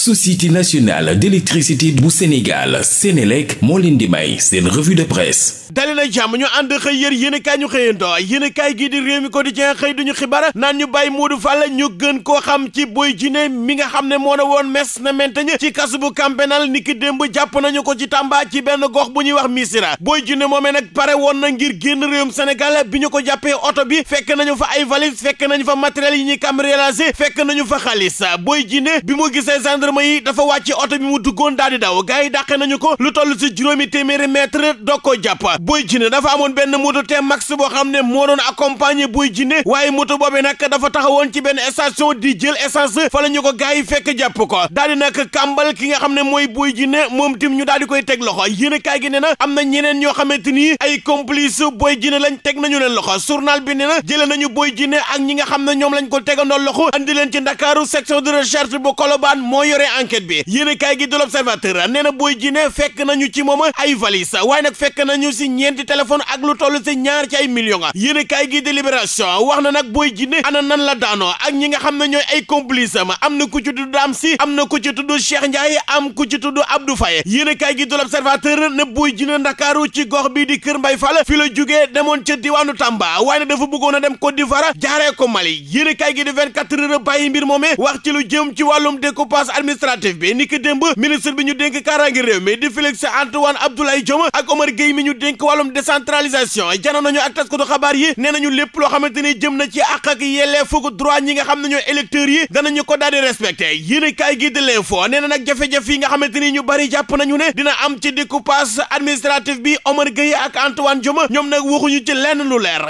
société nationale d'électricité bu Sénégal Sénélec moo leen di may seen revue de presse dali na jàmm ñu ànd xëy yër yéenekaay ñu xëyandoo yéenekaay gii di Rewmi Quotidien xëy duñu xibaar naan ñu bàyyi Modou Fall ñu gën koo xam ci Boy Djiné mi nga xam ne moo ne woon mes na mentañ ci kasu bu Camp pénal niki démb jàpp nañu ko ci Tamba ci benn gox bu ñuy wax Missira booy Djiné moomee nag pare woon na ngir génn réewum Sénégal bi ñu ko jàppee oto bi fekk nañu fa ay valise fekk nañu fa matériel yi ñuy cambriolage fekk nañu fa xaalis Boy Djiné bi mu gisee gendarme yi dafa wàcc oto bi mu duggoon daal di daw gars yi dàqe nañu ko lu toll si juróomi téeméeri mètre doog ko jàpp Boy Djiné dafa amoon benn moto te max boo xam ne moo doon accompagner Boy Djiné waaye moto boobe nag dafa taxawoon ci benn station di jël essence fa la ñu ko gars yi fekk jàpp ko daal di nag kàmbal ki nga xam ne mooy Boy Djiné moom tim ñu daal di koy teg loxo yéen a gi ne na am na ñeneen ñoo xamante ni ay complice Boy Djiné lañ teg nañu leen loxo journal bi ne na jëlee nañu Boy Djiné ak ñi nga xam ne ñoom lañ ko tegandoo loxo andi leen ci Ndakaaru section de recherche bu Colobane yore enquête bi yéen gi de l'observateur nee na Boy Djiné fekk nañu ci moom ay valise waaye nag fekk nañu si ñeenti téléphone lu toll si ñaar ci ay millions yéen kaay gi de wax na nag Boy Djiné ana nan la daanoo ak ñi nga xam ne ñooy ay complice am na ku ci tudd am si am na ku ci tudd Cheikh Ndiaye am ku ci tudd du Faye yéen kaay gi de l'observateur ne Boy Djiné Ndakaaru ci gox bii di Kër Mbay Fall fi la jugee demoon ca diwaanu Tamba waaye nag dafa bëggoon a dem Côte d'Ivoire jaaree ko Mali yéen kaay gi de 24 heures bàyyi mbir moomee wax ci lu jëm ci wàllum découpage administratif bi ni ki démb ministre bi ñu dénk kaaraangi réew mi di Félix Antoine Abdoulaye Diome ak Omar Gueye mi ñu dénk wàllum décentralisation janoon nañu ak taskatu xabaar yi nee nañu lépp loo xamante jëm na ci àq ak yelleefu droit ñi nga xam ne ñooy électeurs yi danañu ko daal di respecté yéen a kaay gi nee na nag jafe-jafe yi nga xamante ñu bari jàpp nañu ne dina am ci découpage administratif bi Omar Gueye ak Antoine Diome ñoom nag waxuñu ci lenn lu leer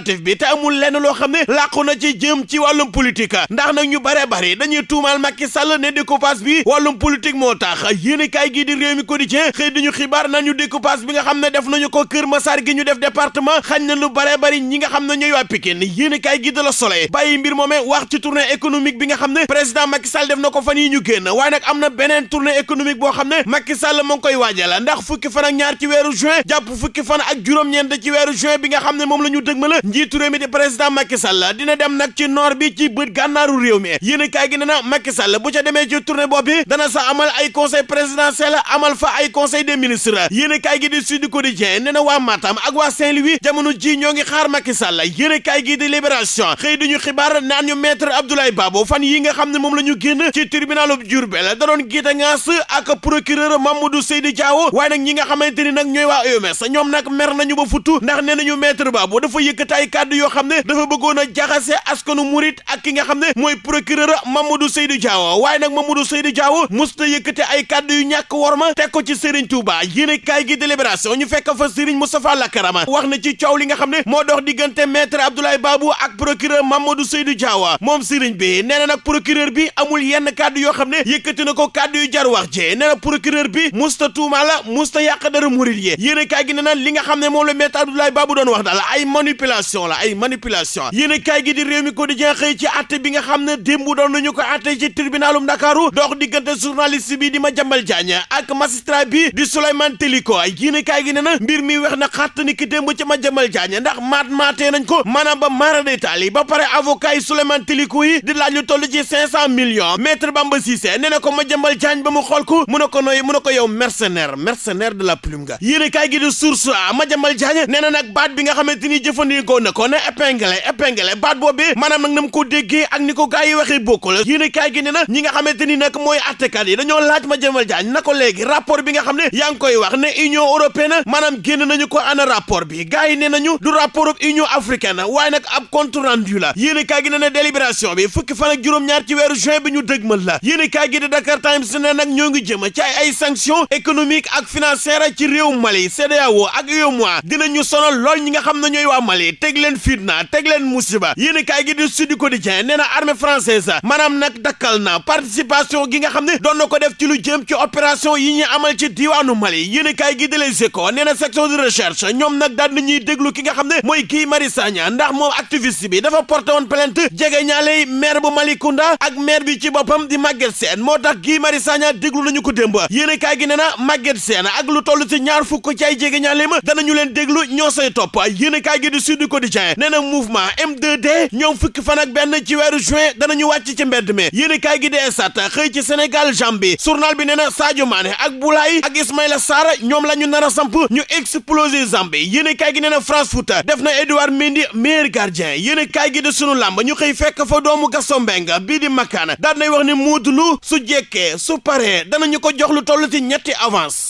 législative bi te amul lenn loo xam ne làqu na ci jëm ci wàllum politique ndax nag ñu bare bare dañuy tuumaal Macky Sall ne découpage bi wàllum politique moo tax yéen i kaay gii di réew mi quotidien xëy diñu xibaar naan ñu découpage bi nga xam ne def nañu ko Kër Massar gi ñu def département xañ na lu bare bari ñi nga xam ne ñooy waa Pikine yéen i kaay gii da la Soleil bàyyi mbir moomee wax ci tournée économique bi nga xam ne président Macky Sall def na ko fan yi ñu génn waaye nag am na beneen boo xam ne Macky Sall ma ngi koy ndax fukki fan ak ñaar ci weeru juin jàpp fan ak juróom-ñeent ci weeru juin bi nga xam ne moom la ñu dëgmala njiitu réew di président Macky Sall dina dem nag ci noor bi ci bët gànnaaru réew mi yéen kaay gi ne na Macky Sall bu ca demee ci tournée boobu dana sa amal ay conseil présidentiel amal fa ay conseil des ministres yéen kaay gi di Sud Quotidien nee na waa Matam ak waa Saint-Louis jamono ji ñoo ngi xaar Macky Sall yéen kaay gi di Libération xëy duñu xibaar naan ñu maître Abdoulaye Babo fan yi nga xam ne moom la ñu génn ci tribunal Diourbel da doon giita ngaas ak procureur nga xamante ni nag ñooy e ñoom nag mer nañu ba futu ay kàddu yoo xam ne dafa bëggoon a jaxase askanu murit ak ki nga xam ne mooy procureur Mamadou Seydou Diaw waaye nag Mamadou Seydou Diaw musta yëkkate ay kàddu yu ñàkk ma teg ko ci Serigne Touba yéen kaay gi délibération ñu fekk fa Serigne Moustapha Lakarama wax na ci coow li nga xam ne moo dox diggante maître Abdoulaye Babou ak procureur Mamadou Seydou Diaw moom Serigne bi nee na nag procureur bi amul yenn kàddu yoo xam ne yëkkati na ko kàddu yu jar wax jee nee na procureur bi musta tuuma la musta yàq dara murit yi yéen kaay gi nee na li nga xam ne moom la maître Abdoulaye Babou doon wax daal ay manipulation manipulation ay manipulation yéen a kaay gi di réew mi ko di xëy ci atte bi nga xam ne démb doon nañu ko atte ci tribunalum Ndakaaru dox diggante journaliste bi di ma jambal jaañ ak magistrat bi di Souleymane Teliko yéen a kaay gi ne na mbir mi wex na xàtt ni ki démb ca ma jambal jaañ ndax maat maatee nañ ko maanaam ba ba pare avocat yi di laaj lu toll ci cinq cent millions maître Bamba Cissé nee na ma jambal jaañ ba mu xool ko mu ne ko noy mu ne ko yow mercenaire mercenaire de la plume nga yéen a kaay gi di source ma jambal jaañ nee na nag baat bi nga xamante ni jëfandikoo teggoon na ko ne épinglé épinglé baat boobu nag na mu ko déggee ak ni ko gars yi waxee bokkul yéen a kaay gi ne na ñi nga xamante ni nag mooy attekat yi dañoo laaj ma jëmal jaañ na ko léegi rapport bi nga xam ne yaa koy wax ne union européenne maanaam génn nañu ko ana rapport bi gars yi nee nañu du rapport union africaine waaye nag ab compte rendu la yéen a gi ne na bi fukki fan juróom-ñaar ci weeru juin bi ñu dëgmal la yéen a teg leen fitna teg leen musiba yéen kaay gi di Sud Quotidien nee na armée française maanaam nag dakkal na participation gi nga xam ne doon na ko def ci lu jëm ci opération yi ñuy amal ci diwaanu Mali yéen kaay gi di Les Échos nee na section de recherche ñoom nag daal di ñuy déglu ki nga xam ne mooy kii Mari Sagna ndax moom activiste bi dafa porté woon plainte jege ñaale maire bu mali Malicounda ak maire bi ci boppam di Maguette seen moo tax kii Mari Sagna déglu nañu ko démb yéen kaay gi nee na Maguette Sène ak lu toll ci ñaar fukk ci ay jege ñaale ma danañu leen déglu ñoo say topp yéen Quotidien nee na mouvement M2D ñoom fukki fan ak benn ci weeru juin danañu wàcc ci mbedd mi yéen i kaay gi dee sat xëy ci Sénégal jambi journal bi nee na Sadio Mané ak Boulaye ak Ismaïla saar ñoom la ñu nar a samp ñu explosé Zambie yéen i kaay gi nee na France Foot def na Edouard Mendy meilleur gardien yéen i kaay gi de sunu làmb ñu xëy fekk fo doomu Gaston Mbengue bii di makkaan daan nay wax ni Modou Lô su jekkee su paree danañu ko jox lu toll ci ñetti avance